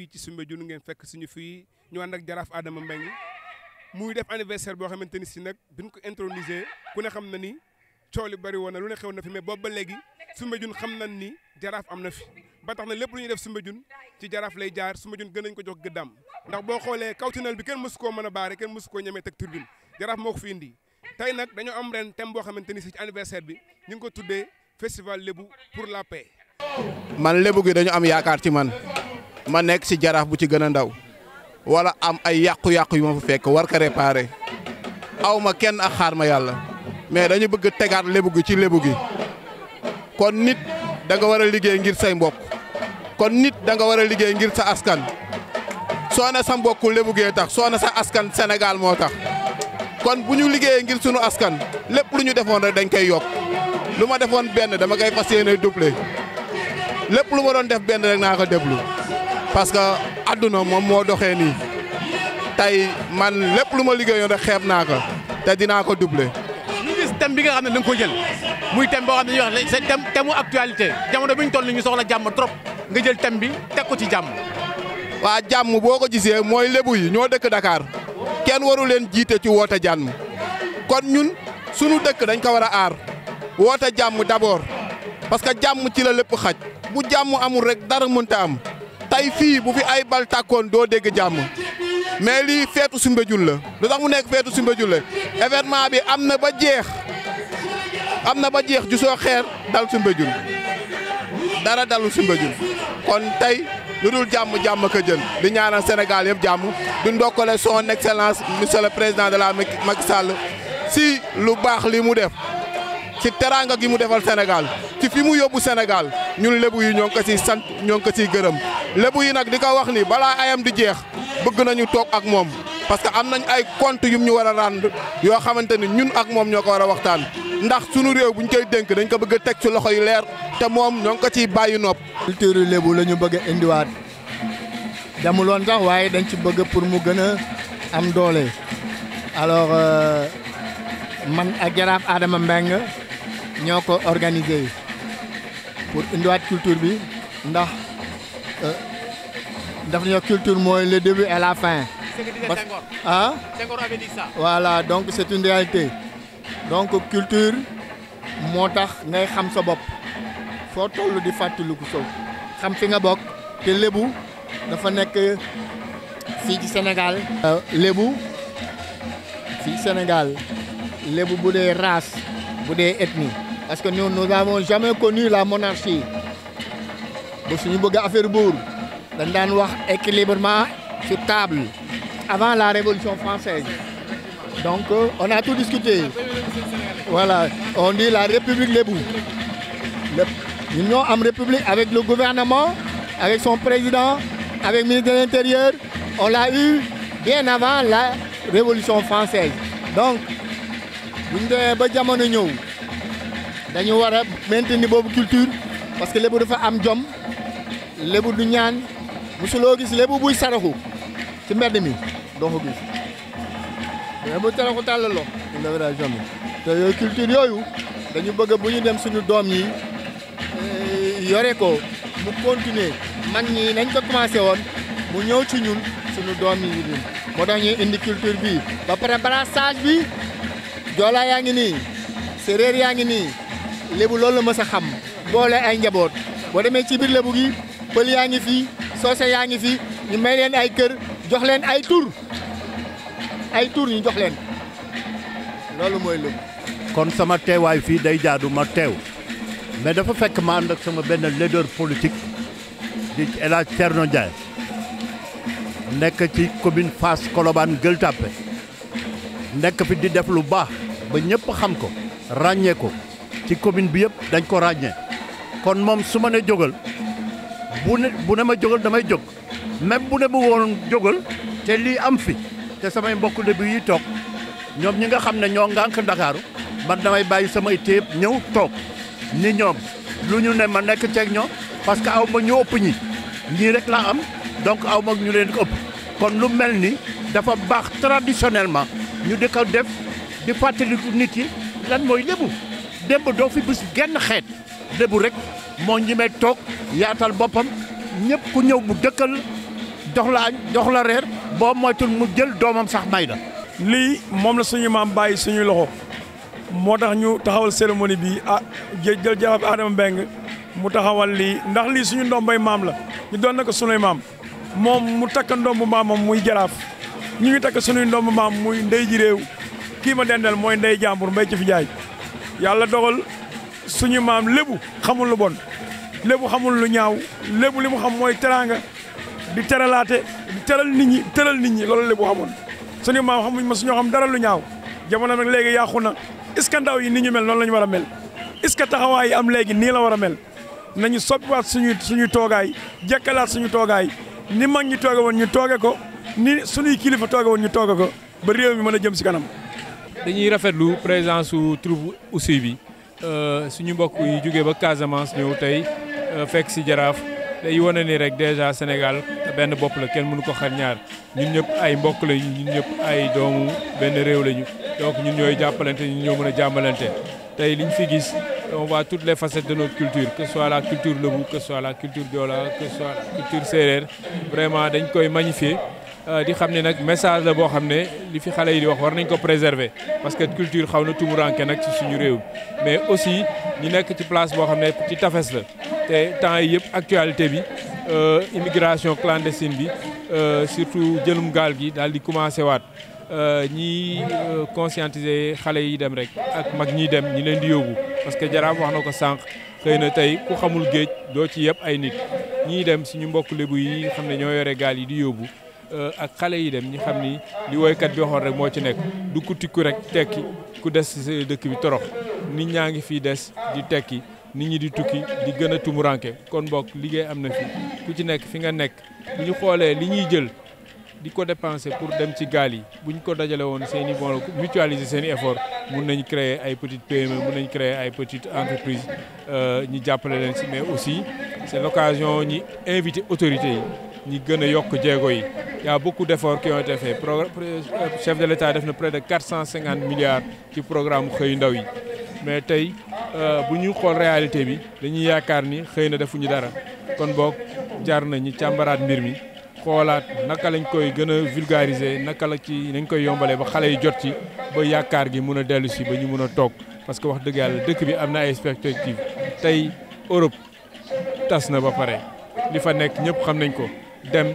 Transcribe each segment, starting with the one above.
fii ci Soumbédioune ngeen fekk suñu fii ñu ànd ak jaraaf Adama Mbengue muy def anniversaire boo xamante ni si nag bi ko intronisé ku xam na ni coow li bari woon na lu ne xew na fi mais boobu ba léegi Soumbédioune xam na ni jaraaf am na fi ba tax na lépp lu ñu def Soumbédioune ci jaraaf lay jaar Soumbédioune gën nañ ko jox gëddaam ndax boo xoolee kaw kawtinal bi kenn mësu koo mën a baare kenn mësu koo ñemee teg turbine jaraaf moo ko fi indi tey nag dañoo am ren thème boo xamante ni si ci anniversaire bi ñu ngi ko tuddee festival lébu pour la paix man lébu gi dañu am yaakaar ci man ma nekk si jaraaf bu ci gën a ndaw wala am ay yàqu-yàqu yu ma fa fekk war ko réparer aw kenn axaar ma yàlla mais dañu bëgg tegaat lébu gi ci lébu gi kon nit danga war a liggéey ngir say mbokk kon nit danga war a liggéey ngir sa askan soo ne sa mbokk lébu gee tax soo ne sa askan Sénégal moo tax kon bu ñu liggéeyee ngir sunu askan lépp lu ñu defoon rek dañ koy yokk lu ma defoon benn dama koy fas yéene doublé lépp lu ma doon def benn rek naa ko déglu parce que àdduna moom moo doxee nii tey man lépp lu ma liggéeyoon rek xeeb naa ko te dinaa ko doubler. ñu gis thème bi nga xam ne da nga ko jël muy thème boo xam ne ñuy wax c'est thème thème mu actualité jamono bi ñu toll nii ñu soxla jàmm trop nga jël thème bi teg ko ci jàmm. waa jàmm boo ko gisee mooy lébu yi ñoo dëkk dakaar kenn waru leen jiite ci woote jàmm kon ñun sunu dëkk dañu ko war a aar woote jàmm d'abord parce que jàmm ci la lépp xaj bu jàmm amul rek dara mënta am. tey fii bu fi ay bal tàkkoon doo dégg jàmm mais lii feetu Soumbédioune la lu tax mu nekk feetu Soumbédioune la événement bi am na ba jeex am na ba jeex ju soo xeer dal Soumbédioune dara dalul Soumbédioune kon tey lu dul jàmm jàmm ka jën di ñaanal Sénégal yëpp jàmm di ndokkale son excellence monsieur le président de la Macky Sall si lu baax li mu def ci teranga gi mu defal senegal ci fi mu yobbu senegal ñun lebu yi ñong ko ci sant ñong ko ci gëreem lebu yi nak di wax ni bala ayam di jeex bëgg nañu tok ak mom parce que am nañ ay compte yu ñu wara rand yo xamanteni ñun ak mom ñoko wara waxtaan ndax suñu rew buñ koy denk dañ ko bëgg tek ci loxoy leer te mom ñong ko ci bayyi nopp. culture lebu lañu bëgg indi waat indiwaat demuloon tax waye dañ ci bëgg pour mu gëna am doole alors euh, man ak jaraaf Adama mbeng ñoo ko organisé pour indiwaat culture bi ndax euh, daf ñoo culture mooy le début et la fin. parce ah. dit ça. voilà donc c' est une réalité donc culture moo tax ngay xam sa bopp foo toll di fàttaliku sow xam fi nga bokk te lébu dafa nekk fii ci Sénégal. Euh, lébu fii Sénégal lébu bu dee race des ethnies. parce que nous nous n'avons jamais connu la monarchie nous, suñu à affaire buur Dans la équilibrement sur table avant la révolution française donc euh, on a tout discuté voilà on dit la république des bouts L'Union en république avec le gouvernement avec son président avec le ministre de l'intérieur on l'a eu bien avant la révolution française donc bu ñu demee ba jamono ñëw dañu war a maintenir boobu culture parce que lébu dafa am jom lébu du ñaan musuloo gis lébu buy saraxu ci mbedd mi doo ko gis lébu saraxu tàllaloo ñu jom te yooyu culture yooyu dañu bëgg bu ñu dem suñu doom yi eh, yore ko mu continuer mag ñi nañ ko woon mu ñëw ci ñun suñu doom yi moo tax ñuy indi culture bi ba pare jola yang ngi nii yang ini, ngi nii lébu ham, la mës a xam boole ay njabot, boo demee ci biir lébu gi pël yaa ngi fi soose yaa ngi fi ñu may leen ay kër jox len ay tour, ay tour ñu jox len, loolu moy lébu. kon sama teewaay fi day jaadu ma teew mais dafa fekk ma ànd ak sama ben leader politique di El Hadj Thierno Ndiaye nekk ci commune face koloban geul tapé nek fi di def lu bax ba ñepp xam ko ràññee ko ci commune bi yëpp dañ ko ràññee kon mom suma ma ne jógal bu ne bu ne ma jogol damay jog, même bu ne bu won jogal té li am fi té sama mbokk lébu yi tok ñom ñi nga xam ne ñoo ngank dakar man damay bayyi sama ñew tok ni ñom lu ñu ne ma ci ak ñoom parce que aw ma ñu upp ñi ñi rek la am donc aw ma ñu leen upp kon lu melni ni dafa bax traditionnellement ñu dekkal def di fàttaliku nit yi lan mooy lébu démb doo fi bis genn xeet lébu rek moo may toog yaatal boppam ñëpp ku ñëw bu dëkkal dox la dox la reer boo moytul mu jël doomam sax may la. lii moom la suñu maam bàyyi suñu loxo moo tax ñu taxawal cérémonie bi a ah, jël jaraaf Adama beng mu taxawal lii ndax lii suñu ndombay maam la ñu doon na ko sunuy maam moom mu takk ndombu maamam muy jaraaf ñu ngi takk sunuy ndombu maam muy ndey ji réew. kii ma dendal mooy ndey jàmbur mbay ci fi jaay yàlla dogal suñu maam lébu xamul lu bon lébu xamul lu ñaaw lébu li mu xam mooy teraanga di teralaate di teral nit ñi teral nit ñi loolu lébu xamoon suñu maam xamuñ ma suñoo xam dara lu ñaaw jamono nag léegi yàqu na est ce que ndaw yi ni ñu mel noonu la ñu war a mel est ce que taxawaay yi am léegi nii la war a mel nañu soppiwaat suñu suñuy toogaay jekkalaat suñu toogaay ni mag ñi tooge woon ñu tooge ko ni suñuy kilifa tooge woon ñu tooge ko ba réew mi mën a jëm si kanam dañuy rafetlu présence su troupe aussi bi euh, suñu mbokk yi jógee ba Casamance ñëw tey euh, fekk si jaraaf day wone ni rek déjà Sénégal benn bopp la kenn mënu ko xar ñaar ñun ñëpp ay mbokk lañu ñun ñëpp ay doomu benn réew lañu donc ñun ñooy jàppalante ñun ñoo mën a jàmbalante tey liñ fi gis on voit toutes les facettes de notre culture que ce soit la culture lébou que ce soit la culture diola que ce soit la culture séeréer vraiment dañ koy magnifier Euh, di xam ne nag message la boo xam ne li fi xale yi di wax war nañ ko préserver parce que culture xaw na tumuranke nag ci suñu réew mais aussi ñu nekk ci place boo xam ne ci tafes la te temps yi yëpp actualité bi euh, immigration clandestine bi euh, surtout jëlum gaal gi daal di commencé waat ñiy conscientiser xale yi dem rek ak mag ñiy dem ñi leen di yóbbu parce que jaraaf wax na ko sànq xëy na tey ku xamul géej doo ci yëpp ay nit ñiy dem suñu mbokk lébu yi xam ne ñoo yore gaal yi di yóbbu Euh, ak xale yi dem ñi xam ni li woykat bi waxoon rek moo ci nekk du ku rek tekki ku des ci dëkk bi torox nit ñaa ngi fi des di tekki nit ñi di tukki di gën a tumuranke kon bokk liggéey am na fi ku ci nekk fi nga nekk bu ñu xoolee li ñuy jël di ko dépenser pour dem ci gaal yi bu ñu ko dajale woon seen i bon mutualiser seen i effort mun nañu créer ay petites PME mun nañ créer ay petites entreprises euh, ñi jàppale leen si mais aussi c'est l'occasion ñi invité autorités yi ñi gën a yokk jéego yi il y a beaucoup d'efforts qui ont été faits le chef de l'État def na près de 450 milliards qui programme xëyu ndaw yi mais tey euh, bu ñu xool réalité bi dañuy yaakaar ni xëy na defuñu dara kon boog jaar nañu càmbaraat mbir mi xoolaat naka lañ koy gëna vulgariser naka la ci nañ koy yombalé ba xalé yi jot ci ba yaakaar gi mëna a ci ba ñu mëna tok parce que wax dëgg yàlla dëkk bi amna na ay perspectives tey Europe tas na ba paré li fa nekk ñëpp xam nañ ko dem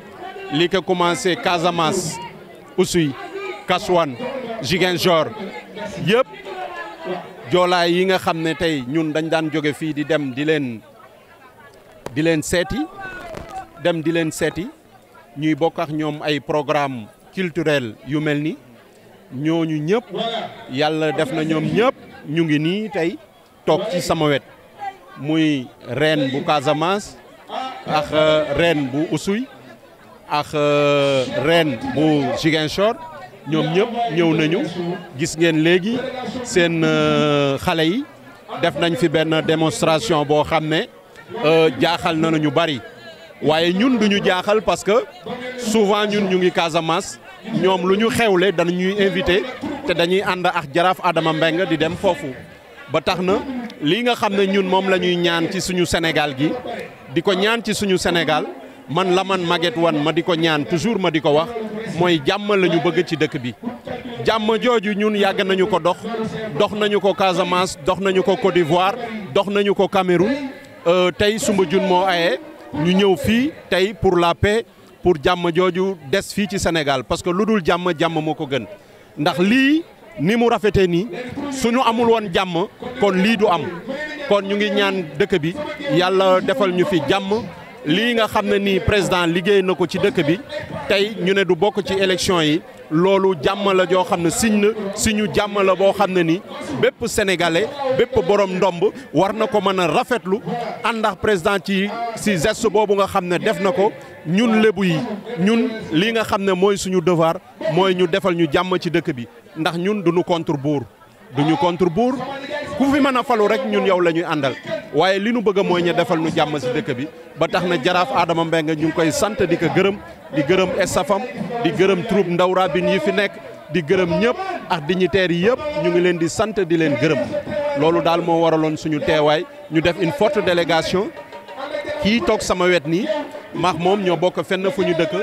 li ko commencé Casamance Oussouye Kassouane Ziguinchor yëpp joolaay yi nga xamné tay ñun dañ dan joggé fi di dem di len di len séti dem di len séti ñuy bokk ak ñom ay programme culturel yu melni ñoñu ñëpp yalla def na ñom ñëpp ñu ngi ni tay toog ci sama wet muy reine bu Casamance ak euh, reine bu Oussouye ak euh, reine bu Ziguinchor ñoom ñëpp ñëw nañu gis ngeen léegi seen euh, xale yi def nañ fi benn démonstration boo xam ne euh, jaaxal na ñu bari waaye ñun duñu jaaxal parce que souvent ñun ñu ngi Casamance ñoom lu ñu xewle danañuy invité te dañuy ànd ak jaraaf Adama Mbengue di dem foofu ba tax na lii nga xam ne ñun moom la ñuy ñaan ci suñu Sénégal gi di ko ñaan ci suñu Sénégal man la man Maguette wan ma di ko ñaan toujours ma di ko wax mooy jàmm la ñu bëgg ci dëkk bi. jàmm jooju ñun yàgg nañu ko dox dox nañu ko Casamance dox nañu ko Côte dox nañu ko Cameroun euh, tey jun moo aye ñu ñëw fii tey pour la pe pour jàmm jooju des fii ci Sénégal parce que lu dul jàmm jàmm moo ko gën ndax lii ni mu rafetee nii suñu amul woon jàmm kon lii du am kon ñu ngi ñaan dëkk bi yàlla defal ñu fi jàmm. lii nga xam ne nii président liggéey na ko ci dëkk bi tey ñu ne du bokk ci élection yi loolu jàmm la joo xam ne siñ na suñu jàmm la boo xam ne ni bépp sénégalais bépp borom ndomb war na ko mën a rafetlu àndax président ci si geste boobu nga xam ne def na ko ñun lébu yi ñun lii nga xam ne mooy suñu devoir mooy ñu defal ñu jàmm ci dëkk bi ndax ñun duñu contre buur duñu contre buur ku fi mën a falu rek ñun yow la ñuy àndal waaye li ñu bëgg mooy ñu defal nu jàmm si dëkk bi ba tax na jaraaf Adama Mbengue ñu ngi koy sant di ko gërëm di gërëm estafam di gërëm troupe ndaw rabine yi fi nekk di gërëm ñëpp ak diñiteer yi yëpp ñu ngi leen di sant di leen gërëm loolu daal moo waraloon suñu teewaay ñu def une forte délégation kii toog sama wet nii maax moom ñoo bokk fenn fu ñu dëkk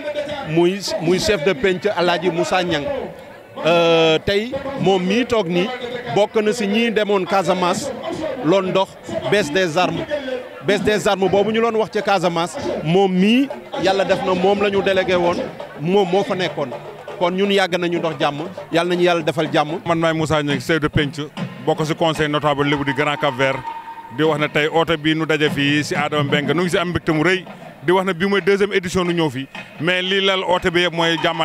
muy muy chef de penc Alaaji Moussa Niang Euh, tey moom mii toog nii bokk na si ñii demoon Casamance loon ndox baisse des armes baisse des armes boobu ñu loon wax ca Casamance moom mii yàlla def na moom la ñu délégué woon moom moo fa nekkoon kon ñun yàgg nañu ndox jàmm yàlla nañu yàlla defal jàmm. man maay Moussa Niang chef de penc bokk si conseil notable Lebu di Grand Cap Vert di wax na tey oote bii nu daje fii si Adama Mbengue nu ngi si am mbégte mu rëy di wax na bii mooy deuxième édition nu ñëw fii mais lii lal oote bi mooy jàmm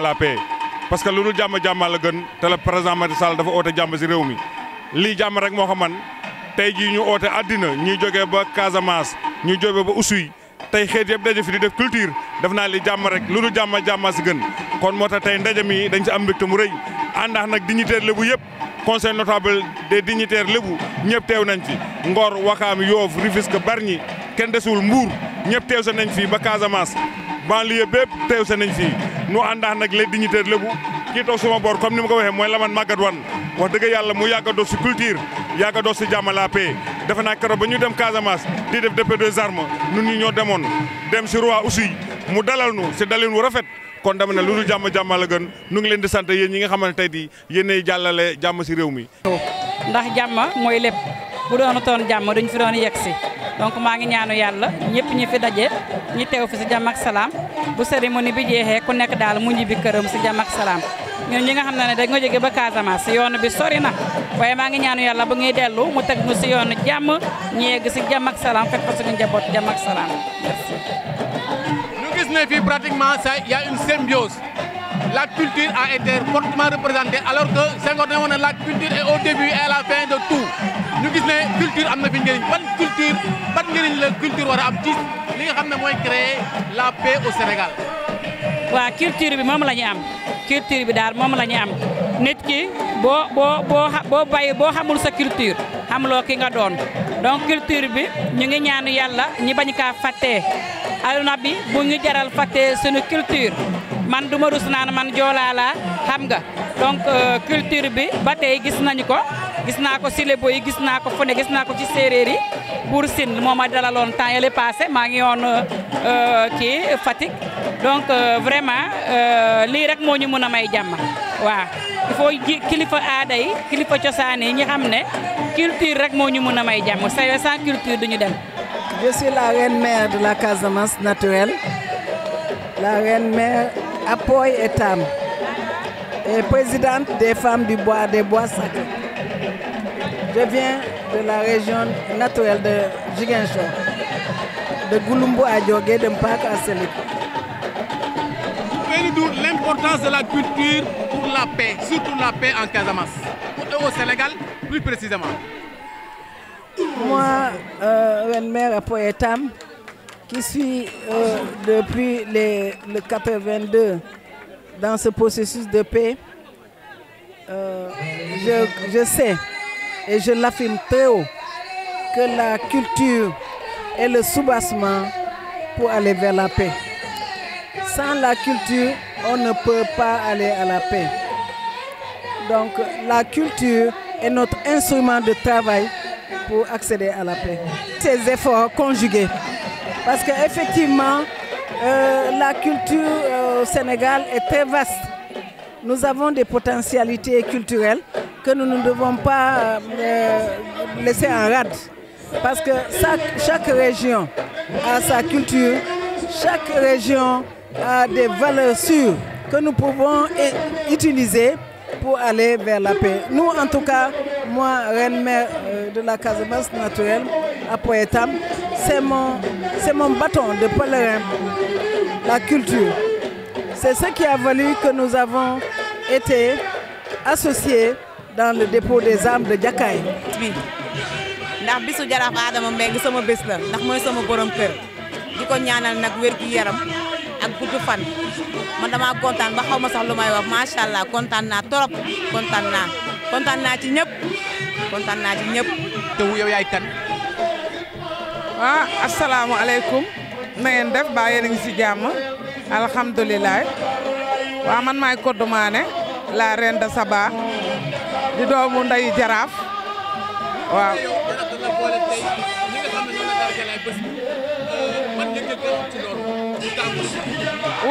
parce que lu dul jàmm jàmmal la gën te le président Macky Sall dafa oote jàmm si réew mi lii jàmm rek moo ko man tey jii ñu oote àddina ñuy jógee ba Casamance ñuy jógee ba Oussouye tey xeet yëpp daje fi di def culture def naa li jàmm rek lu dul jàmm jàmma si gën kon moo tax tey ndaje mi dañ si am mbégte mu rëy àndax nag dignitaire lébu yëpp conseil notable des dignitaires lébu ñëpp teew nañ fi Ngor Wakaam Yoof Rufisque Bargny kenn desul Mbour ñëpp teew sa nañ fii ba Casamance banlieue bépp teew sa nañ fii nu àndaax nag les dignitaires lébu kii toog suma boor comme ni ma ko waxee mooy Lamane Maguette Wane wax dëgg yàlla mu yàgg a dox si culture yàgg a dox si jàmm la paix defe naa keroog ba ñu dem Casamance di def dépôt des armes nun ñu ñoo demoon dem si roi aussi mu dalal nu si dalin wu rafet kon dama ne lu dul jàmm jàmm la gën nu ngi leen di sant yéen ñi nga xamane ne tey di yéenay jàllale jàmm si réew mi. ndax jàmm mooy lépp. bu doonu toon jàmm duñ fi doon yegg si donc maa ngi ñaanu yàlla ñëpp ñi fi daje ñi teew fi si jàmm ak salaam bu cérémonie bi jeexee ku nekk daal mu ñibbi këram si jàmm ak salaam ñun ñi nga xam ne ne dañoo jóge ba Casamance yoon bi sori na waaye maa ngi ñaanu yàlla bu ñuy dellu mu teg ñu si yoonu jàmm ñu yegg si jàmm ak salaam fekk fa suñu njaboot jàmm ak salaam merci. ñu gis ne fii pratiquement ça y a une symbiose. la culture a été fortement représentée alors que Senghor ne la culture est au début et à la fin de tout ñu gis ne culture am na fi ban culture ban de culture war a am ci li nga créer la paix au Sénégal. La culture bi moom la am culture bi daal mom la am nit ki bo bo bo bo bo boo xamul sa culture lo ki nga doon donc culture bi ñu ngi ñaanu yalla ñi bañ ka faté aduna bi bu ñu jaral faté suñu culture man du ma rus nan man jola la xam nga donc euh, culture bi ba tey gis nañ ko gis naa ko si yi gis naa ko fu gis naa ko ci séeréer yi Buur Sine moo ma dalaloon est passé ma ngi euh kii fatigue donc euh, vraiment euh, li rek moñu mëna may jamm wa il faut kilifa aada yi kilifa cosaan ñi xam culture rek moñu mëna may jamm sans culture duñu dem Je suis la reine mère de la Casamance naturelle, la reine mère Apoy Etam, présidente des femmes du bois des bois sacrés. Je viens de la région naturelle de Jiguencho, de Goulumbo à de Mpak à Selip. l'importance de la culture pour la paix, surtout la paix en Casamance, au Sénégal plus précisément. Moi, euh, une mère qui suis euh, depuis les, le 82 dans ce processus de paix, euh, je, je, sais et je l'affirme très haut que la culture est le soubassement pour aller vers la paix. Sans la culture, on ne peut pas aller à la paix. Donc la culture est notre instrument de travail pour accéder à la paix. Ces efforts conjugués parce qu'effectivement, euh, la culture euh, au Sénégal est très vaste. Nous avons des potentialités culturelles que nous ne devons pas euh, laisser en rade. Parce que chaque région a sa culture, chaque région a des valeurs sûres que nous pouvons utiliser pour aller vers la paix. Nous, en tout cas, moi, reine-mère euh, de la basse naturelle, à Poétam, c'est mon, c'est mon bâton de pèlerin, la culture. C'est ce qui a valu que nous avons été associés dans le dépôt des armes de Djakaï. fukki fan man dama contane ba xawma sax lumay wax ma sha allah contane na torop contane na contane na ci ñep contane na ci ñep te wu yow yaay kan. ah alaykum na ngeen def ba yéen ngi ci jamm alhamdullilah wa man may ko Mané la reine de Saba di doomu ndeyu jaraaf waaw. man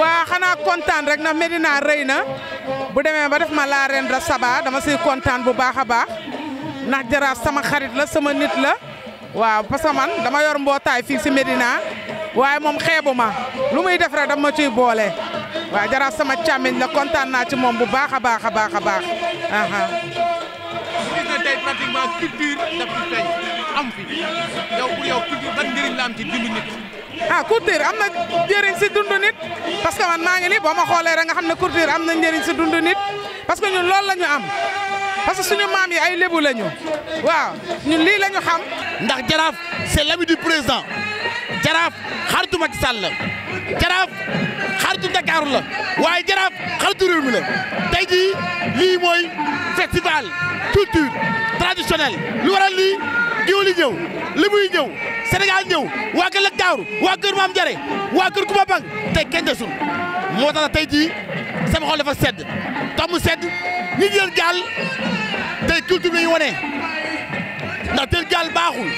waa xanaa kontaan rek na Medina rëy na bu demee ba def ma la reine de Saba dama siy kontaan bu baax a baax ndax jaraaf sama xarit la sama nit la waaw parce que man dama yor mbootaay fii si Medina waaye moom xeebu ma lu muy def rek dama ma ciy boole waa jaraaf sama càmmiñ la kontaan naa ci moom bu baax a baax a baax a baax. gis na tey ah culture am na njëriñ si dundu nit parce que man maa ngi nii boo ma xoolee rek nga xam ne culture am na njëriñ si dundu nit parce que ñun loolu la ñu am parce que suñu maam yi ay lébu la ñu waaw ñun lii la ñu xam. ndax jaraaf c'est l'ami du président jaraaf xaritu Macky Sall la jaraaf xaritu Dakar la waaye jaraaf xaritu réew mi la tey jii lii mooy festival culture traditionnel lu waral lii jiw li ñëw li muy Sénégal ñëw waa kër Lac waa kër Maam Jare waa kër Kumba Bang tey kenn desul moo tax tey jii sama xol dafa sedd tax mu sedd ñi jël gaal tey culture lañu wane ndax jël gaal baaxul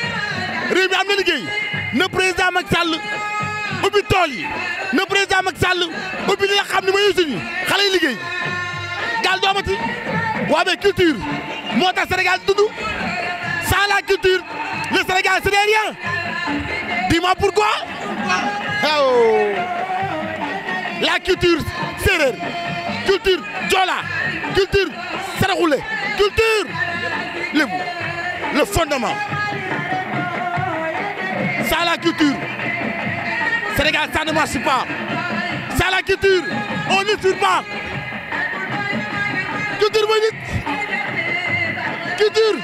réew am na liggéey na président Macky Sall ubbi tool na président Macky Sall ubbi li nga xam ne mooy usine yi gaal doomati waa mais culture moo tax Sénégal dund sans la culture, le Sénégal, ce n'est rien. Dis-moi pourquoi. Ah, oh. La culture serrée, culture Djola, culture roulé. culture le, le fondement. Ça la culture, Sénégal, ça ne marche pas. Ça la culture, on ne suit pas. Culture culture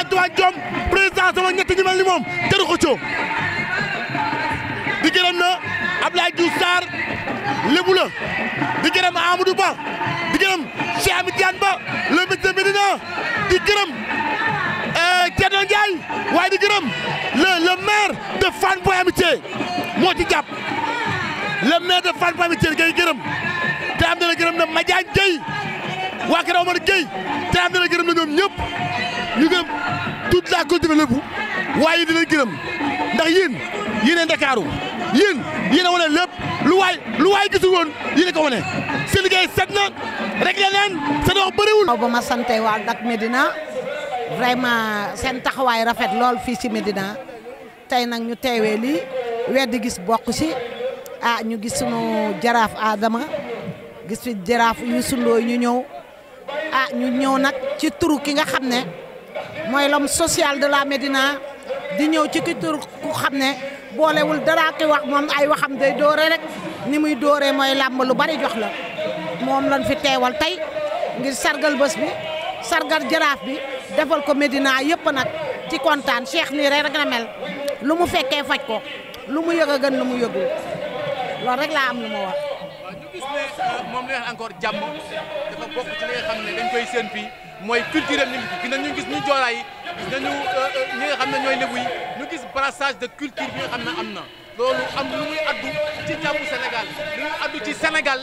Antoine Diome président sama ñett ñu mel ni moom jëru ko coow di gërëm na Abdoulaye Diouf Sarr lébu la di gërëm Amadou di gërëm Cheikh Ahmed Diane Ba le médecin Médina di gërëm euh, Thierno Ndiaye waaye di gërëm le le maire de Fann Point Amitié moo ci jàpp le maire de Fann Point Amitié gërëm te am na gërëm na Madiagne Gueye waa Kër Omar Gueye te am na gërëm na ñoom ñëpp ñu gërëm toute la culture lépp waaye di leen gërëm ndax yéen yéeneen Ndakaaru yéen yéen a wane lépp lu waay lu waay gisul woon yéen a ko wane seen liggéey set na rek la neen seen wax bëriwul. waaw ba ma sant waa Dak Médina vraiment seen taxawaay rafet lool fii ci Médina tey nag ñu teewee lii weddi gis bokk ci ah ñu gis sunu jaraaf Adama gis fi jaraaf yu sundoo ñu ñëw. ah ñu ñëw nag ci turu ki nga xam ne mooy l'homme social de la Médina di ñëw ci ki turu ku xam ne boolewul dara ki wax moom ay waxam day doore rek ni muy dooree mooy làmb lu bari jox la moom lañ fi teewal tey ngir sargal bés bi sargal jaraaf bi defal ko Médina yëpp nag ci kontaan Cheikh nii rek rek na mel lu mu fekkee faj ko lu mu yëg a gën lu mu yëgul loolu rek laa am lu ma wax gis ne moom encore jàmm dafa bokk ci li xam ne dañ koy seen fii mooy culture am ñu ngi gis nañu gis ñu joolaa yi gis euh, euh, xam ne ñooy lébu yi ñu gis brassage de culture bi nga xam ne am na loolu am lu muy addu ci jàmm Sénégal lu muy addu ci Sénégal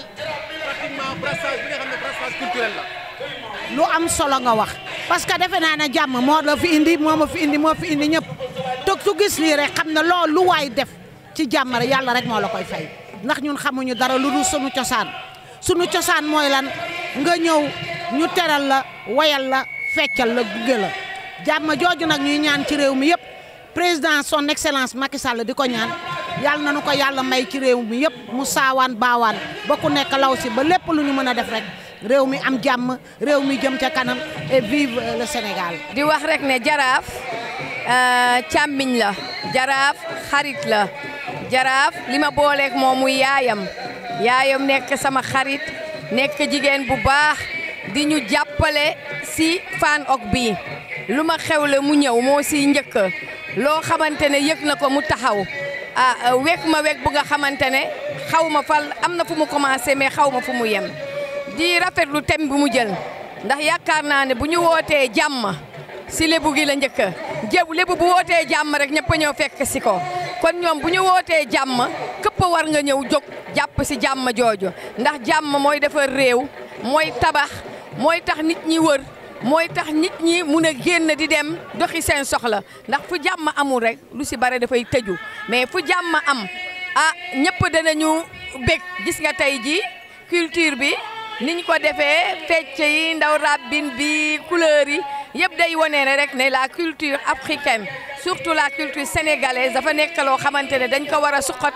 brassage bi nga xam ne brassage culturel la lu am solo nga wax parce que defe naa ne jàmm moo la fi indi moo ma fi indi moo fi su gis lii rek xam ne loolu lu waay def ci jàmm rek yàlla rek moo la koy fay ndax ñun xamuñu dara lu dul sunu ciosan sunu ciosan moy lan nga ñew ñu téral la wayal la feccal la gugge la jàmm joju nak ñuy ñaan ci réew mi yépp président son excellence Macky Sall di ñaan yal nañu ko yalla may ci réew mi yépp mu sawaan baawaan ba ku nekk law si ba lépp lu ñu mëna def rek réew mi am jamm réew mi jëm ca kanam et vive le Sénégal. di wax rek né jaraaf euh, la jaraaf xarit la jaraaf lima ma mau moom muy yaayam yaayam nekk sama xarit nekk jigéen bu baax di ñu jàppale si fan ok bi lu ma xewle mu ñëw moo si njëkk loo xamante ne yëg na ko mu taxaw ah wek ma wek bu nga xamante ne xaw ma fal am na fu mu commencé mais xaw ma fu mu di rafetlu tem bi mu jël ndax yaakaar naa ne bu ñu wootee jàmm si lebu gi la njëkk jébu bu wootee jàmm rek ñëpp ñoo fekk kon ñom bu ñu wootee jàmm war nga ñew jog japp si jam jojo ndax jàmm moy defar rew moy tabax moy tax nit ñi wër moy tax nit ñi mëna genn di dem doxi seen soxla ndax fu jàmm amul rek lu si bare dafay teju mais fu jàmm am ah nyepu nañu bég gis nga tay ji culture bi niñ ko defee fecc yi ndaw rabbin bi couleur yi yëpp day wane ne rek ne la culture africaine surtout la culture sénégalaise dafa nekk loo xamante ne dañ ko war a suqat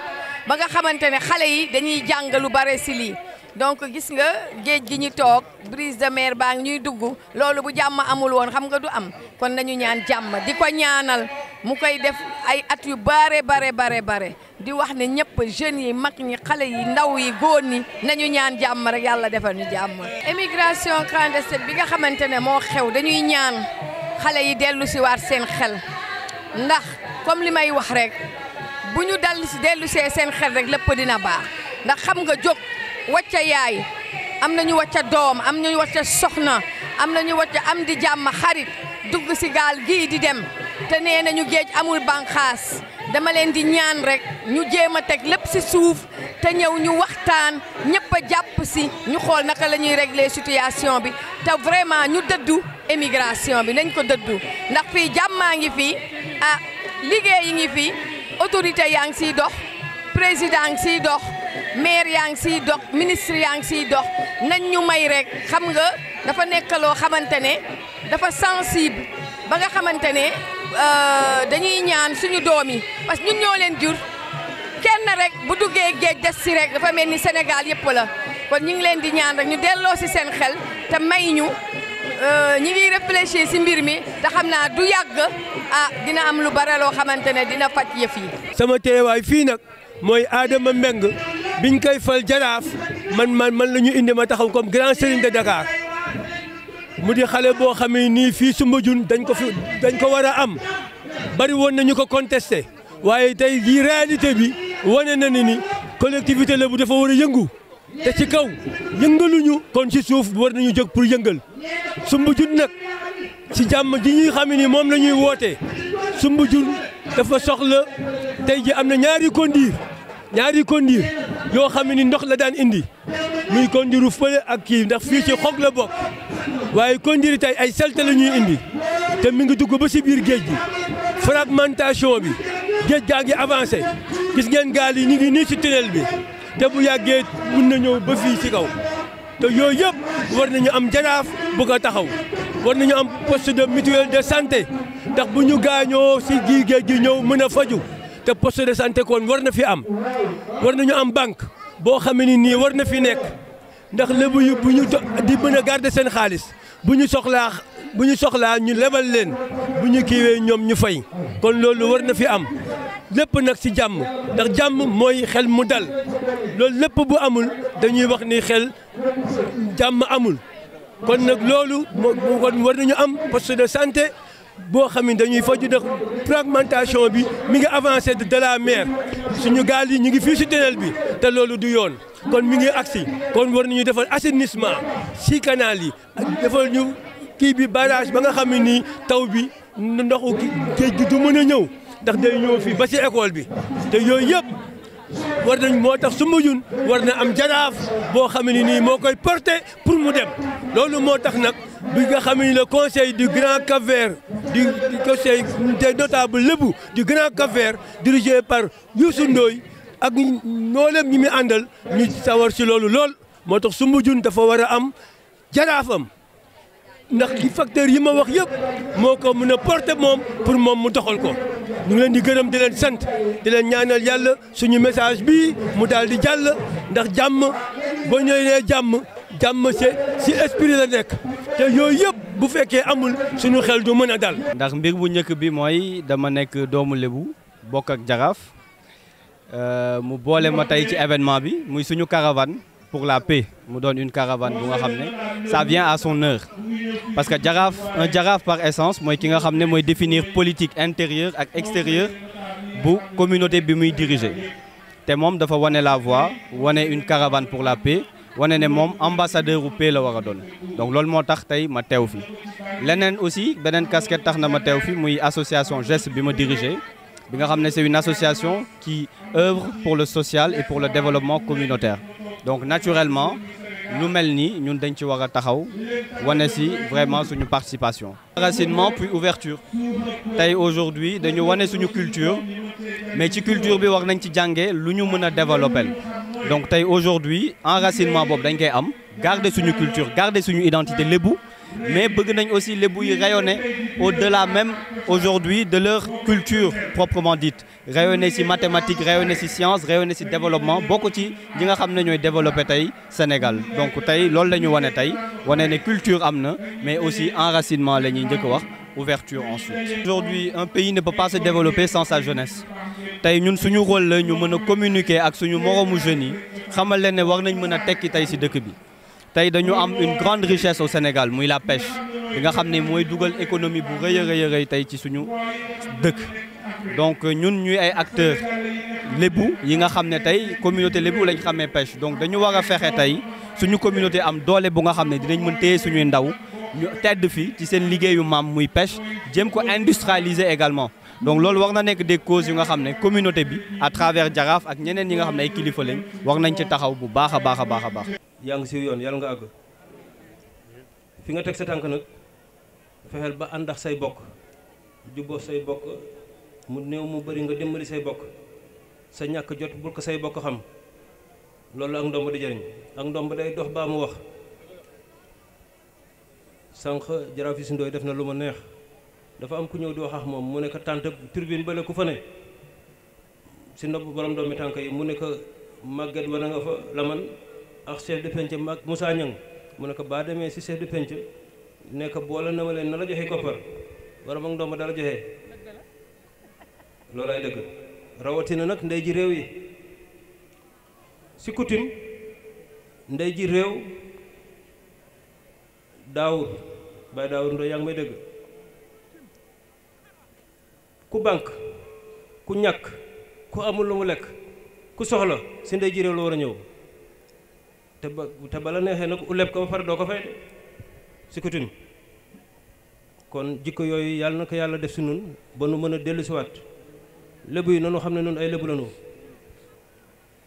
ba nga xamante ne xale yi dañuy jàng lu bare si lii. donc gis nga géej gi ñu toog brise de mer baa ngi ñuy dugg loolu bu jàmm amul woon xam nga du am kon nañu ñaan jàmm di ko ñaanal mu koy def ay at yu bare bare bare bare di wax ne ñëpp jeunes yi mag ñi xale yi ndaw yi góor ni nañu ñaan jàmm rek yàlla defal ñu jàmm. émigration clandestine bi nga xamante ne moo xew dañuy ñaan xale yi dellu si waat seen xel ndax comme li may wax rek bu ñu dal si dellu see seen xel rek lépp dina baax ndax xam nga jóg. wacca yaay am nañu wacca doom am nañu wacca soxna am na ñu wacca am di jàmm xarit dugg si gaal gii di dem te nee nañu géej amul banqaas dama leen di ñaan rek ñu jéem a teg lépp si suuf te ñëw ñu waxtaan ñëpp a jàpp si ñu xool naka la ñuy régler situation bi te vraiment ñu dëddu émigration bi nañ ko dëddu ndax fii jàmmaa ngi fii ah liggéey ngi fii autorité yaa ngi siy dox président ngi siy dox maire yaa ngi siy dox ministre yaa ngi siy dox nañ ñu may rek xam nga dafa nekk loo xamante ne dafa sensible ba nga xamante ne euh, dañuy ñaan suñu doom yi parce que ñoo leen jur kenn rek bu duggee géej des si rek dafa mel ni Sénégal yëpp la kon ñu ngi leen di ñaan rek ñu delloo si seen xel te may ñu euh, ñi ngi réfléchir si mbir mi te xam naa du yàgg ah dina am lu bare loo xamante ne dina faj yëf yi. sama teewaay fii nag. mooy Adama Mbengue biñ koy fal jaraaf man man man la ñu indi ma taxaw comme grand serigne dakaar Dakar mu di xale boo xamee nii fii Soumbédioune dañ ko fi dañ ko war a am bari woon nañu ko contesté waaye tey jii réalité bi wane na ni ni collectivité la bu dafa war a yëngu te ci kaw yëngaluñu kon ci suuf war nañu jóg pour yëngal Soumbédioune nag ci jàmm ji ñuy xamee ni moom lañuy ñuy woote Soumbédioune dafa soxla tey ji am na ñaari kondiir ñaari kondiir yoo xam ni ndox la daan indi muy kondiiru fële ak kii ndax fii ci xog la bokk waaye kondiir tey ay salte la ñuy indi te mi ngi dugg ba si biir géej gi fragmentation bi géej gaa ngi avancé gis ngeen gaal yi ñu ngi nii ci tunnel bi te bu yàggee mun na ñëw ba fii ci kaw te yooyu yëpp war nañu am jaraaf bu taxaw war nañu am poste de mutuelle de sante ndax bu ñu gaañoo si gii géej gi ñëw mën a faju te poste de santé kon war na fi am war nañu am banque boo xamee ne nii war na fi nekk ndax lébu yu bu ñu di mën a garder seen xaalis bu ñu soxlaa bu ñu soxlaa ñu lebal leen bu ñu kiiwee ñoom ñu fay kon loolu war na fi am lépp nag ci jàmm ndax jàmm mooy xel mu dal loolu lépp bu amul dañuy wax ni xel jàmm amul kon nag loolu kon war nañu am poste de santé boo xam ne dañuy faju de fragmentation bi mi ngi avancé de la mer suñu gaal yi ñu ngi fii si tunnel bi te loolu du yoon kon mi ngi agsi kon war nañu defal assainissement si canal yi defal ñu kii bi barrage ba nga xam ne nii taw bi ndoxu géej gi du mën a ñëw ndax day ñëw fii ba si école bi te yooyu yëpp. war nañ moo tax su ma yun war na am jaraaf boo xam ne nii moo koy porté pour mu dem loolu moo tax nag bi nga xam ne le conseil du grand Cap-Vert du conseil des notables lébu du grand Cap-Vert dirigé par Youssou Ndoye ak mboolem ñi muy àndal ñu sawar si loolu lool moo tax su ma jun dafa war a am jaraafam. ndax li facteur yi ma wax yëpp moko ko porter mom pour mom mu doxal ko ñu ngi leen di gërëm di leen sant di leen ñaanal yalla suñu message bi mu dal di jall ndax jamm bo ñoy nee jamm jamm ci si esprit la nek te yoy yëpp bu fekkee amul suñu xel du mën dal. ndax mbir bu ñëk bi moy dama nek doomu Lebu bok ak euh mu boole ma tay ci événement bi muy suñu caravane. pour la paix nous donne une caravane ça vient à son heure parce que jaraaf un Diaraf par essence moi ki nga xam définir politique intérieure et extérieure la communauté bi dirigée. diriger te moom dafa wane la voix, wane une caravane pour la paix est un moom ambassadeur u paix la war a donc c'est ce que je ma teew fi aussi beneen casquette tax ma association geste bi ma diriger c'est une association qui œuvre pour le social et pour le développement communautaire donc naturellement nous, melni nous ñun dañ ci war taxaw wane ci vraiment suñu participation. Enracinement puis ouverture Aujourd'hui, aujourd'hui dañu sur suñu culture mais ci culture bi war nañ ci jangé luñu développer donc tay aujourd'hui enracinement Bob. dañ koy am garder suñu culture garder suñu identité bouts mais bëgg nañ aussi les yi au-delà même aujourd'hui de leur culture proprement dite rayonner ci mathématiques rayonner ci science rayonner ci développement Beaucoup de gens nga xam ne développer Sénégal donc tey loolu la ñu fait. On wane une culture mais aussi enracinement la ouverture ensuite. Aujourd'hui, un pays ne peut pas se développer sans sa jeunesse. Nous avons un rôle la ñu communiquer ak suñu jeunes Nous xamal un rôle, war nañ ici tay dañu am une grande richesse au Sénégal muy la pêche bi nga xamné moy dougal économie bu rëy a rëy a ci suñu deuk donc ñun ñuy ay acteurs lebu yi nga xamné tay communauté lebu lañ xamé pêche donc dañu wara fexé tay suñu communauté am doole bu nga xamné dinañ mën téye suñuy ndaw ñu tedd fi ci seen liggéeyu maam muy pêche jëm ko industrialiser également donc loolu war na nekk des causes yu nga xam ne communauté bi à travers Jaraaf ak ñeneen yi nga xam ne ay kilifa lañ war nañ ci taxaw bu baax a baax a baax a baax Yang ngi yon yoon nga ag fi nga tek sa tank nak fexel ba andax ak say bokk juboo say bok mu new mu bari nga dembali say bok sa ñak jot bul ko say bok xam lolu ak ndomb di jëriñ ak ndomb day dox ba mu wax sank def na luma neex dafa am ku ñew di wax ak mom mu ne ko tante turbine ba la ku fa ne si ndopp borom doomi tànk yi mu ne ko wana nga fa laman ak chef de penc ak Moussa Niang mu ne ko baa demee si chef de nekk boole na ma leen na la joxe koppar war ma ndoom dala joxe loolu ay dëgg rawatina nag ndey ji réew yi si coutume ndey ji réew daawur bay daawur ndoo yaa ngi may dëgg ku bànk ku ñàkk ku amul lu mu lekk ku soxla si ndey ji réew la war a ñëw te ba te bala neexee na ko uleb ko ba pare doo ko fay de sikkutuñ kon jikko yooyu yàlla na ko yàlla def si nun ba nu mën a dellu si waat lébu yi noonu xam ne nun ay lébu lañu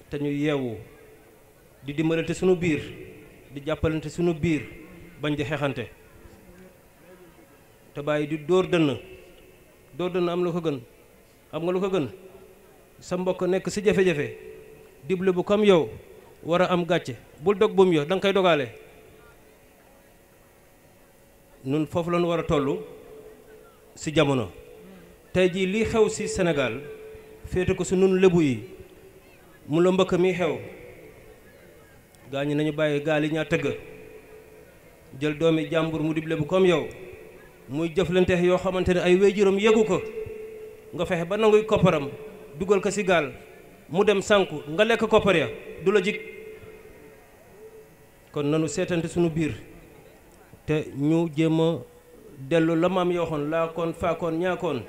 te ñu yeewu di dimbalante sunu biir di jàppalante sunu biir bañ di xeexante te bàyyi di dóor dënn dóor dënn am la ko gën am nga lu ko gën sa mbokk nekk si jafe-jafe diblu bu comme yow war a am gàcce bul dog buum yo da nga koy dogaale nun foofu la ñu war a toll si jamono tey jii lii xew si senegal féete ko si nun lébu yi mu la mbëkk mi xew gaa nañu bàyyi gaal yi ñaa tëgg jël doomi jàmbur mu dib lébu comme yow muy jëflante yoo xamante ni ay wejuram yëgu ko nga fexe ba nanguy kopparam dugal ko si gaal mu dem sànku nga lekk koppar ya du la jikk kon nanu seetante sunu biir te ñu jéem dellu la maam yoo xoon laa koon faakoon ñaakoon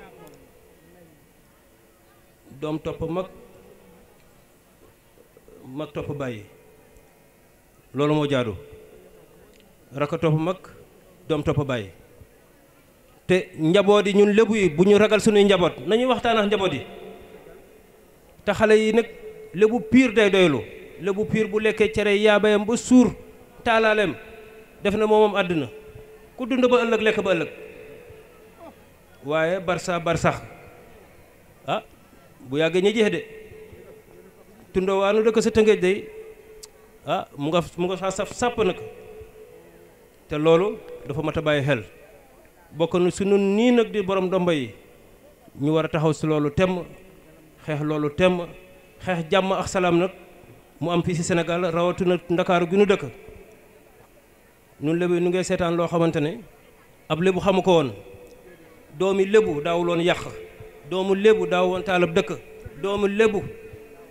doom topp mag mag topp bàyyi loolu moo jaadu raka topp mag doom topp bàyyi te njaboot yi ñun lébu yi bu ñu ragal sunuy njaboot nañuy waxtaan ak njaboot yi te xale yi nag lébu piir day doylu lébu piir bu lekkee cere yaabayam ba suur taalaaleem def na moomam àdduna ku dund ba ëllëg lekk ba ëllëg waaye barsa barsax ah bu yàggee ñi jeex de tundawaanu dëkk sa tëngéej day ah mu nga mu nga saa saf sàpp nag te loolu dafa mat a bàyyi xel bokk na su nun nii nag di borom ndomba yi ñu war a taxaw si loolu temm xeex loolu temm xeex jàmm ak salaam nag mu am fii ci Sénégal rawatina ndakaaru gi nu dëkk ñun lébu nu ngay seetaan loo xamante ne ab lébu xamu ko woon doomi lébu daawuloon yàq doomu lébu daawoon taalab dëkk doomu lébu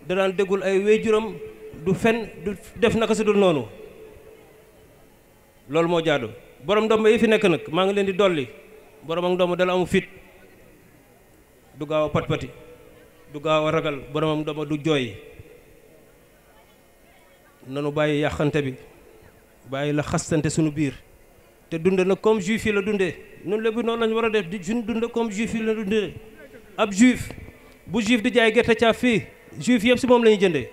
da daan déggul ay wéjuram du fen du def naka si dul noonu loolu moo jaadu borom ndomba yi fi nekk nag maa ngi leen di dolli borom ak ndomba dala amu fit du gaaw a pat du gaaw a ragal boromam dama du jooy nanu bàyyi yàqante bi bàyyi la xastante suñu biir te dundé na comme juif yi la dundee noonu lépp noonu lañu war a def di suñu dund comme juif yi la dundee ab juif bu juif di jaay gerte caaf fii juif yëpp si moom la ñuy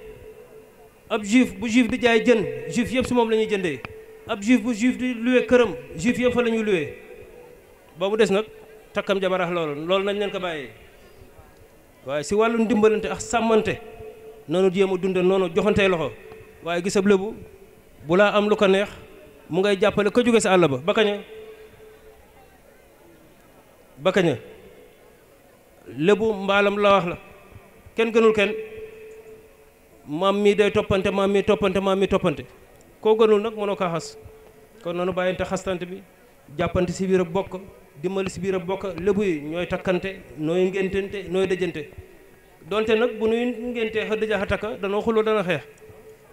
ab juif bu juif di jaay jën juif yëpp si moom la ñuy ab juif bu juif di luwe këram juif yëpp fa la luwe ba mu des nag takkam jabarax loolu loolu nañ leen ko bàyyee waaye si wàllu ndimbalante ak sàmmante noonu jéem a dundal noonu joxantee loxo waaye gisab lébu bu laa am lu ko neex mu ngay jàppale ko jóge si àll ba ba kaña ba kaña lébu mbaalam la wax la kenn gënul kenn maam mii day toppante maam mii toppante maam mii toppante koo gënul nag mënoo kaa xas kon noonu bàyyante xastante bi jàppante si biir bokk dimbali si biir a bokk lébu yi ñooy takkante nooy ngéntente nooy dëjante donte nag bu nuy ngéntee xa dëja xa takka danoo xuloo dana xeex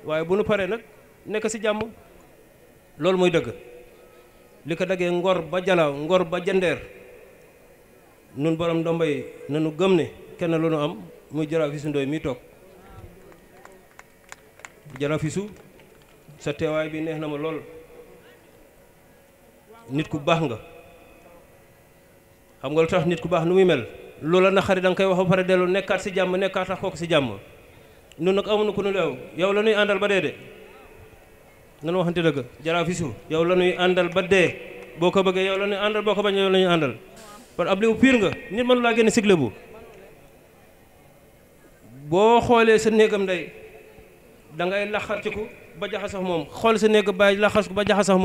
waaye bu nu paree nag nekk si jàmm loolu mooy dëgg li ko daggee ngor ba jalaaw ngor ba jandeer nun borom ndomba yi nanu gëm ne kenn lu nu am muy jaraaf yi su ndoy mi toog jaraaf yi sa teewaay bi neex na ma lool nit ku baax nga xam nga tax nit ku baax nu muy mel loola na xari dang koy wax ba pare nekkaat si jàmm nekkaat ak kooku si jàmm nun nag amuñu ku nu leew yow la nuy àndal ba dee de nan waxanti dëgg jaraa fi su yow la nuy àndal ba dee boo ko yow la nuy àndal boo bañ yow la nuy àndal par abli liwu piir nga nit mënu laa génn sigle bu boo xoolee sa néegam ndey da ngay ko ba jaxa sax moom xool sa néeg bàyyi ko ba jaxa sax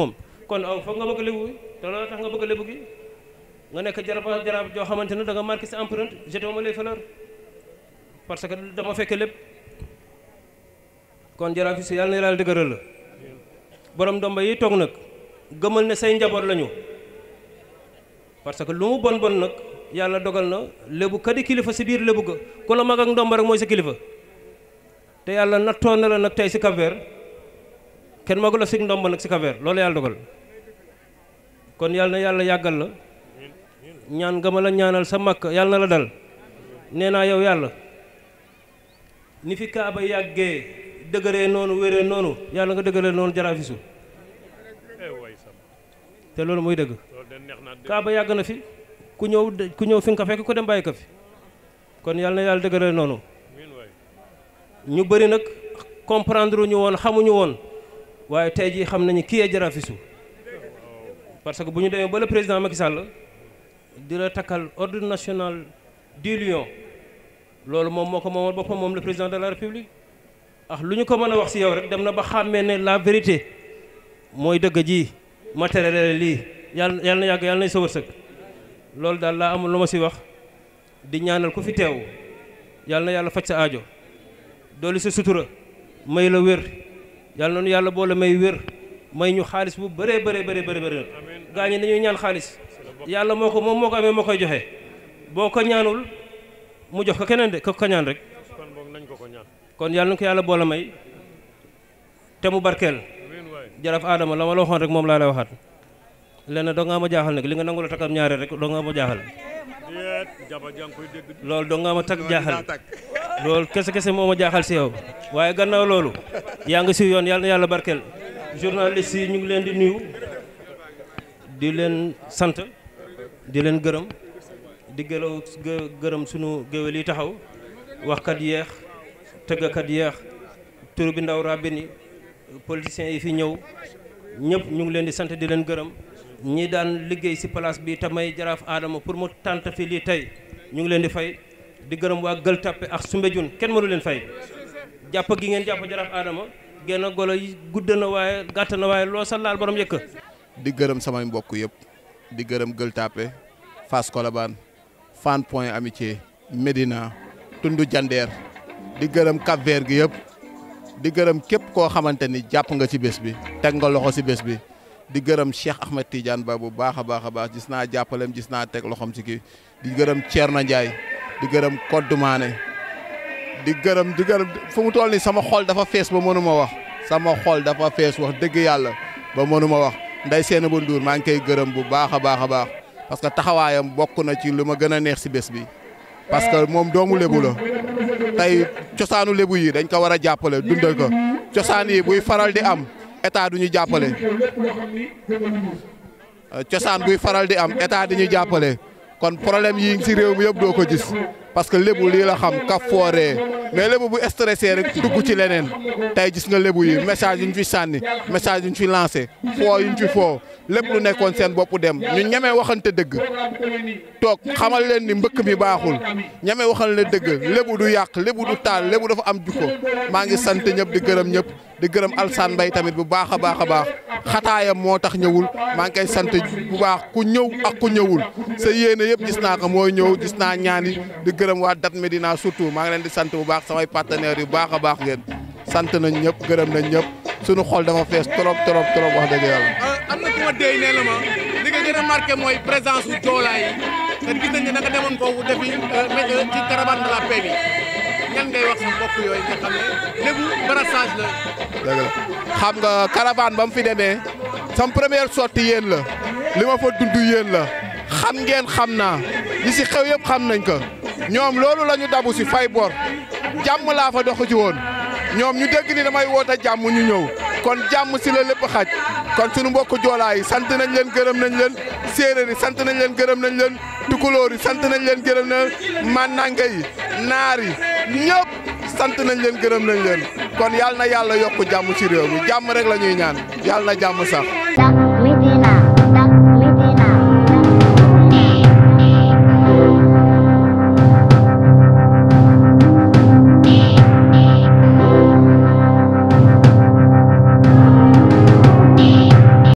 kon aw foog nga bëgg lébu te loolu tax nga bëgg gi nga nekk jaraba jaraab joo xamante ne danga nga marqué sa empreinte ma les fleurs parce que dama fekke lépp kon jaraaf yi si yàlla na yàlla ndomba yi toog nag gëmal ne say njaboot lañu parce que lu mu nag yàlla dogal na lébu kadi kilifa si biir lébu ga ku la ndomba rek mooy sa kilifa te yàlla nattoo na la nag tey si cap kenn magu la si ndomba nag si Cap-Vert loolu yàlla dogal kon yàlla na yàlla yàggal la ñaan nga ma la ñaanal sa mag yàlla na la dal nee naa yow yàlla ni fi kaaba yàggee dëgëree noonu wéree noonu yàlla nga dëgëree noonu jaraafisu eh te loolu muy dëgg kaaba yàgg na fi ku ñëw de ku ñëw fi nga ko fekk ku dem bàyyi ko fi kon yàlla yàlla dëgëree noonu ñu bari nag comprendre ñu woon xamuñu woon waaye tey jii xam nañu ki yee jaraafisu eh parce que bu ñu demee ba le président Macky Sall di la takkal ordre national du lion loolu moom moo ko moomal boppam moom la président de la république ah lu ñu ko mën a wax ci yow rek dem na ba xàmmee ne la vérité mooy dëgg ji matériel lii yàlla yàlla na yàgg yàlla na sa wërsëg loolu daal laa amul lu ma ci wax di ñaanal ku fi teew yàlla na yàlla faj sa aajo dooli sa sutura may la wér yàlla noonu yàlla boole may wér may ñu xaalis bu bëree bëree bëri bëri bëri gaa ñi dañuy ñaan xaalis yalla moko mom moko amé ko joxé boko ñaanul mu jox ko kenen de ko ko ñaan rek kon boog nañ ko ko ñaan kon may té mu barkel jaraf Adam, la ma la rek mom la lay waxat lenn do nga ma jaxal nak li nga nangul takam ñaare rek do nga ma jaxal loolu do nga ma tak jaxal loolu kese kese moma jaxal ci yow waye gannaaw loolu ya nga ci yoon yalla yalla barkel journaliste yi ñu ngi leen di nuyu di leen sante di leen gërëm di gërëw gërëm sunu géwél yi taxaw waxkat yeex tëggkat yeex tur bi ndaw ni politiciens yi fi ñëw ñëpp ñu ngi leen di sant di leen gërëm ñi daan liggéey ci place bi te may jaraaf aadama pour mu tànt fi lii tey ñu ngi leen di fay di gërëm waa Gueule Tapée ak Soumbédioune kenn mënu leen fay jàpp gi ngeen jàpp jaraaf aadama genn golo yi gudd na waaye gàtt na waaye loo sa laal borom yëkk di gërëm samay mbokk yëpp di gërëm Gueule Tapée Fass Colobane Fann Point Amitié Médina tund Jandeer di gërëm Cap gi yëpp di gërëm képp koo xamante ni jàpp nga ci bés bi teg nga loxo si bés bi di gërëm Cheikh Ahmed Tidiane Ba bu baax a baax a baax gis naa jàppalem gis naa teg loxom si kii di gërëm na njaay di gërëm Kodou di gërëm di gërëm fu mu toll nii sama xol dafa fees ba mënuma wax sama xol dafa fees wax dëgg yàlla ba mënuma wax nday seen ba Ndour maa ngi koy gërëm bu baax a baax a baax parce que taxawaayam bokk na ci lu ma gën a neex si bés bi parce que moom doomu lébu la tey cosaanu lébu yi dañ ko war a jàppale dundal ko cosaan yi buy faral di am état du ñu jàppale cosaan buy faral di am état di ñu jàppale kon problème yi ngi si réew mi yëpp doo ko gis parce que lébu lii la xam ka fooree mais lébu bu stressé rek dugg ci leneen tey gis nga lébu yi message yu ñu fi sànni message yu ñu fi lancé foo yu ñu foo lépp lu nekkoon seen bopp dem ñu ñemee waxante dëgg toog xamal leen ni mbëkk mi baaxul ñemee waxal leen dëgg lébu du yàq lébu du taal lébu dafa am jukko maa ngi sant ñëpp di gërëm ñëpp di gërëm alsan bay tamit bu bah baaxa baax a baax xataayam moo tax ñewul ma ngi koy sant bu baax ku ñew ak ku ñewul sa yene yeb gis na ko moy ñew gis na ñaani di gërëm wa Dat medina surtout ma ngi leen di sant bu baax sama partenaire yu baaxa baax ngeen sant nañ ñep gërëm nañ ñep suñu xol dama fess torop torop torop wax deug yalla am na ma deey nee ma li nga gëna marqué moy présence du joolaa yi gis nañ ne naka ko wu defi euh, ci caravane de la paix bi. lan ngay wax sa mbokk yooyu xam nga caravane ba mu fi demee sam première sortie yéen la li ma fa dund yéen la xam ngeen xam naa li si xew yëpp xam nañ ko ñoom loolu la ñu dabu si fay bor jàmm laa fa dox ci woon. ñoom ñu dégg ni damay woota jàmm ñu ñëw kon jàmm si la lépp xaj kon sunu mbokk joolaa yi sant nañ leen gërëm nañ leen séeréer yi sant nañ leen gërëm nañ leen tukulóor yi sant nañ leen gërëm nañ leen mananga naar yi ñëpp sant nañ leen gërëm nañ leen kon yàlla na yàlla yokk jàmm ci réew mi jàmm rek la ñuy ñaan yàlla na jàmm sax